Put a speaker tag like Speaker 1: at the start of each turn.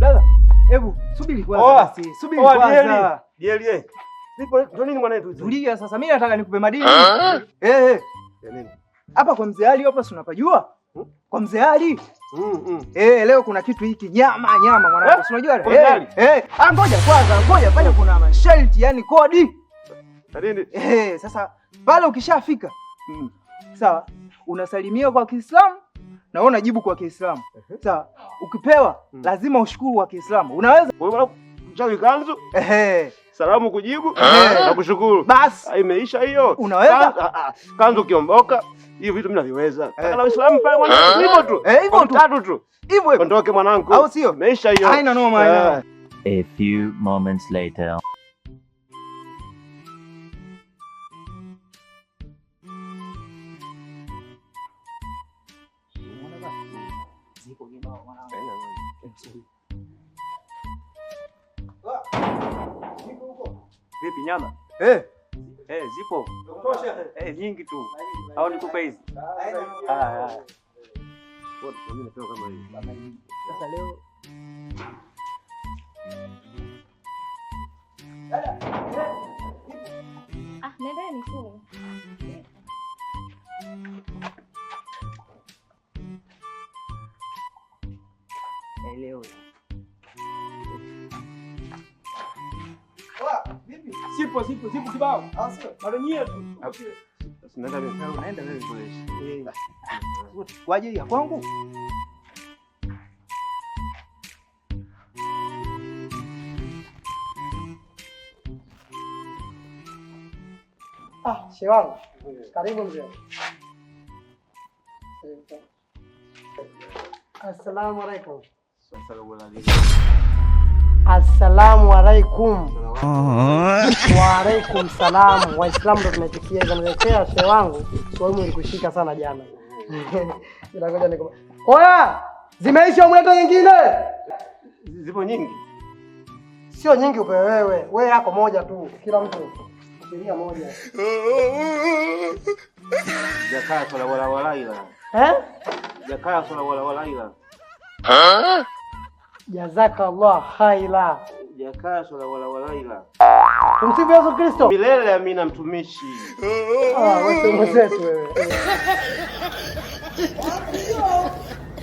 Speaker 1: Dada, hebu subiri kwanza. Subiri kwanza.
Speaker 2: Dielie. Eh! Nipo ndio nini mwanangu? Tulia sasa. Mimi nataka nikupe madini. Ah!
Speaker 1: Eh eh. Hapa kwa mzee Ali hapa si unapajua? Hmm? Kwa mzee Ali. Hmm, hmm. Eh, leo kuna kitu hiki nyama nyama mwanangu. Eh? Si unajua? Eh. Eh, ah, ngoja kwanza, ngoja pale kuna masharti yani kodi. Nini? Eh, sasa pale ukishafika. Sawa. Unasalimia kwa Kiislamu na wewe unajibu kwa Kiislamu. Sasa ukipewa mm. lazima ushukuru wa Kiislamu. Unaweza
Speaker 2: Kwa hiyo mchawi kanzu, ehe, salamu kujibu na kushukuru, Bas. Ah, imeisha hiyo.
Speaker 1: Unaweza
Speaker 2: kanzu ah, ah, kiomboka. hiyo vitu mimi naviweza eh. Kana Uislamu pale mwanangu, eh. hivyo tu Eh, hivyo tu tatu tu hivyo hivyo, ondoke mwanangu, au sio? Imeisha hiyo,
Speaker 1: haina noma. haina. Eh. A few moments later Vipi nyama? Eh. Eh, zipo. Eh, nyingi tu. Au nikupe hizi? Ah, ah. Sasa leo Ah, nendeni tu. Ele é o. Sipo, sipo, sipo, kibao. Tipo, Mara Unaenda vipi? Unaenda vipi? Kwa ajili ya kwangu? Ah, she wangu. Karibu mzee. Assalamu alaikum. Assalamu alaikum. Wa alaikum salam. Waislamu ndo tunaitikia hivyo. Niletea shehe wangu swaumu ilikushika sana jana. Ngoja nikoma. Oya, zimeisha umleta nyingine? Zipo nyingi. Sio nyingi upewe wewe. Wewe yako moja tu. Kila mtu sheria moja. Jakaya swala wala wala ila. Eh? Jakaya swala wala wala ila. Eh? Allah khaira. Jakasho la wala wala ila. Tumsifu Yesu Kristo. Milele amina mtumishi. Ah, wewe mwenzetu wewe.